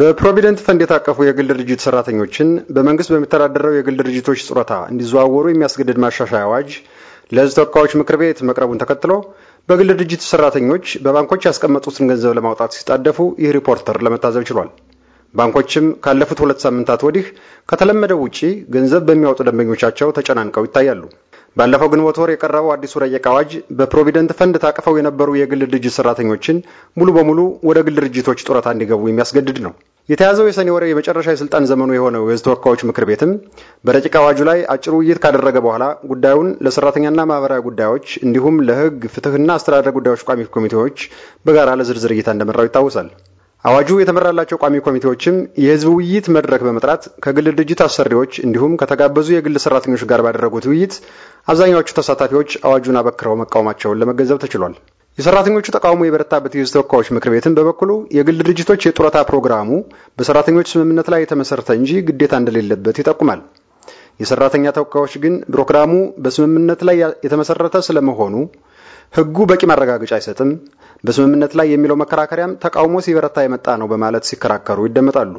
በፕሮቪደንት ፈንድ የታቀፉ የግል ድርጅት ሰራተኞችን በመንግስት በሚተዳደረው የግል ድርጅቶች ጡረታ እንዲዘዋወሩ የሚያስገድድ ማሻሻያ አዋጅ ለሕዝብ ተወካዮች ምክር ቤት መቅረቡን ተከትሎ በግል ድርጅት ሰራተኞች በባንኮች ያስቀመጡትን ገንዘብ ለማውጣት ሲጣደፉ ይህ ሪፖርተር ለመታዘብ ችሏል። ባንኮችም ካለፉት ሁለት ሳምንታት ወዲህ ከተለመደው ውጪ ገንዘብ በሚያወጡ ደንበኞቻቸው ተጨናንቀው ይታያሉ። ባለፈው ግንቦት ወር የቀረበው አዲሱ ረቂቅ አዋጅ በፕሮቪደንት ፈንድ ታቅፈው የነበሩ የግል ድርጅት ሰራተኞችን ሙሉ በሙሉ ወደ ግል ድርጅቶች ጡረታ እንዲገቡ የሚያስገድድ ነው። የተያዘው የሰኔ ወር የመጨረሻ የስልጣን ዘመኑ የሆነው የህዝብ ተወካዮች ምክር ቤትም በረቂቅ አዋጁ ላይ አጭር ውይይት ካደረገ በኋላ ጉዳዩን ለሰራተኛና ማህበራዊ ጉዳዮች እንዲሁም ለህግ ፍትህና አስተዳደር ጉዳዮች ቋሚ ኮሚቴዎች በጋራ ለዝርዝር እይታ እንደመራው ይታወሳል። አዋጁ የተመራላቸው ቋሚ ኮሚቴዎችም የህዝብ ውይይት መድረክ በመጥራት ከግል ድርጅት አሰሪዎች እንዲሁም ከተጋበዙ የግል ሰራተኞች ጋር ባደረጉት ውይይት አብዛኛዎቹ ተሳታፊዎች አዋጁን አበክረው መቃወማቸውን ለመገንዘብ ተችሏል። የሰራተኞቹ ተቃውሞ የበረታበት የህዝብ ተወካዮች ምክር ቤትም በበኩሉ የግል ድርጅቶች የጡረታ ፕሮግራሙ በሰራተኞች ስምምነት ላይ የተመሰረተ እንጂ ግዴታ እንደሌለበት ይጠቁማል። የሰራተኛ ተወካዮች ግን ፕሮግራሙ በስምምነት ላይ የተመሰረተ ስለመሆኑ ህጉ በቂ ማረጋገጫ አይሰጥም በስምምነት ላይ የሚለው መከራከሪያም ተቃውሞ ሲበረታ የመጣ ነው በማለት ሲከራከሩ ይደመጣሉ።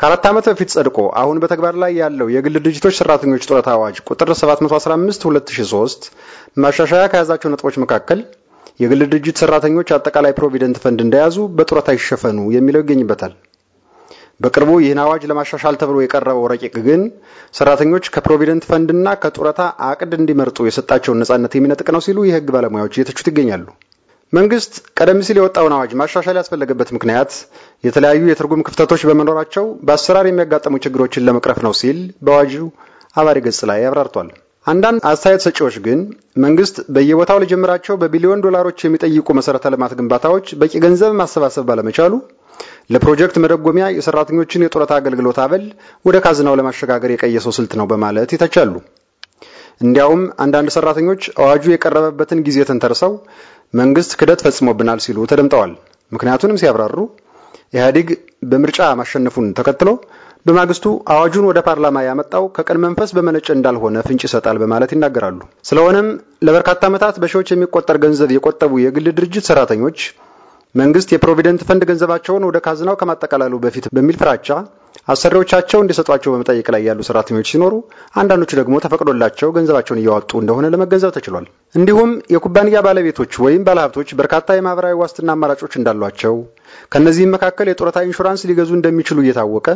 ከአራት ዓመት በፊት ጸድቆ አሁን በተግባር ላይ ያለው የግል ድርጅቶች ሰራተኞች ጡረታ አዋጅ ቁጥር 715 2003 ማሻሻያ ከያዛቸው ነጥቦች መካከል የግል ድርጅት ሰራተኞች አጠቃላይ ፕሮቪደንት ፈንድ እንደያዙ በጡረታ ይሸፈኑ የሚለው ይገኝበታል። በቅርቡ ይህን አዋጅ ለማሻሻል ተብሎ የቀረበው ረቂቅ ግን ሰራተኞች ከፕሮቪደንት ፈንድና ከጡረታ አቅድ እንዲመርጡ የሰጣቸውን ነጻነት የሚነጥቅ ነው ሲሉ የህግ ባለሙያዎች እየተቹት ይገኛሉ። መንግስት ቀደም ሲል የወጣውን አዋጅ ማሻሻል ያስፈለገበት ምክንያት የተለያዩ የትርጉም ክፍተቶች በመኖራቸው በአሰራር የሚያጋጥሙ ችግሮችን ለመቅረፍ ነው ሲል በአዋጁ አባሪ ገጽ ላይ አብራርቷል። አንዳንድ አስተያየት ሰጪዎች ግን መንግስት በየቦታው ለጀመራቸው በቢሊዮን ዶላሮች የሚጠይቁ መሰረተ ልማት ግንባታዎች በቂ ገንዘብ ማሰባሰብ ባለመቻሉ ለፕሮጀክት መደጎሚያ የሰራተኞችን የጡረታ አገልግሎት አበል ወደ ካዝናው ለማሸጋገር የቀየሰው ስልት ነው በማለት ይተቻሉ። እንዲያውም አንዳንድ ሰራተኞች አዋጁ የቀረበበትን ጊዜ ተንተርሰው መንግስት ክደት ፈጽሞብናል ሲሉ ተደምጠዋል። ምክንያቱንም ሲያብራሩ ኢህአዴግ በምርጫ ማሸነፉን ተከትሎ በማግስቱ አዋጁን ወደ ፓርላማ ያመጣው ከቅን መንፈስ በመነጨ እንዳልሆነ ፍንጭ ይሰጣል በማለት ይናገራሉ። ስለሆነም ለበርካታ ዓመታት በሺዎች የሚቆጠር ገንዘብ የቆጠቡ የግል ድርጅት ሰራተኞች መንግስት የፕሮቪደንት ፈንድ ገንዘባቸውን ወደ ካዝናው ከማጠቃላሉ በፊት በሚል ፍራቻ አሰሪዎቻቸው እንዲሰጧቸው በመጠየቅ ላይ ያሉ ሰራተኞች ሲኖሩ አንዳንዶቹ ደግሞ ተፈቅዶላቸው ገንዘባቸውን እያወጡ እንደሆነ ለመገንዘብ ተችሏል። እንዲሁም የኩባንያ ባለቤቶች ወይም ባለሀብቶች በርካታ የማህበራዊ ዋስትና አማራጮች እንዳሏቸው፣ ከእነዚህም መካከል የጡረታ ኢንሹራንስ ሊገዙ እንደሚችሉ እየታወቀ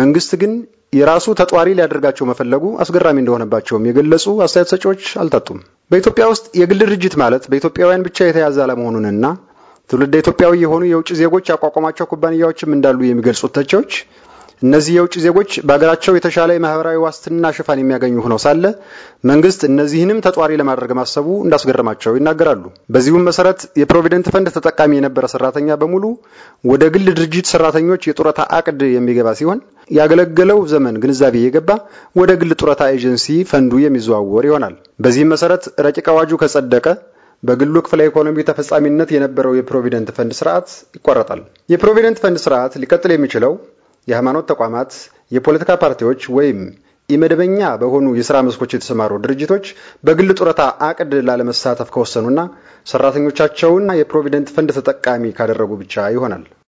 መንግስት ግን የራሱ ተጧሪ ሊያደርጋቸው መፈለጉ አስገራሚ እንደሆነባቸውም የገለጹ አስተያየት ሰጪዎች አልታጡም። በኢትዮጵያ ውስጥ የግል ድርጅት ማለት በኢትዮጵያውያን ብቻ የተያዘ አለመሆኑንና ትውልደ ኢትዮጵያዊ የሆኑ የውጭ ዜጎች ያቋቋማቸው ኩባንያዎችም እንዳሉ የሚገልጹት ተቺዎች እነዚህ የውጭ ዜጎች በሀገራቸው የተሻለ የማህበራዊ ዋስትና ሽፋን የሚያገኙ ሆነው ሳለ መንግስት እነዚህንም ተጧሪ ለማድረግ ማሰቡ እንዳስገረማቸው ይናገራሉ። በዚሁም መሰረት የፕሮቪደንት ፈንድ ተጠቃሚ የነበረ ሰራተኛ በሙሉ ወደ ግል ድርጅት ሰራተኞች የጡረታ አቅድ የሚገባ ሲሆን ያገለገለው ዘመን ግንዛቤ የገባ ወደ ግል ጡረታ ኤጀንሲ ፈንዱ የሚዘዋወር ይሆናል። በዚህም መሰረት ረቂቅ አዋጁ ከጸደቀ በግሉ ክፍለ ኢኮኖሚ ተፈጻሚነት የነበረው የፕሮቪደንት ፈንድ ስርዓት ይቋረጣል። የፕሮቪደንት ፈንድ ስርዓት ሊቀጥል የሚችለው የሃይማኖት ተቋማት፣ የፖለቲካ ፓርቲዎች ወይም ኢመደበኛ በሆኑ የስራ መስኮች የተሰማሩ ድርጅቶች በግል ጡረታ አቅድ ላለመሳተፍ ከወሰኑና ሰራተኞቻቸውና የፕሮቪደንት ፈንድ ተጠቃሚ ካደረጉ ብቻ ይሆናል።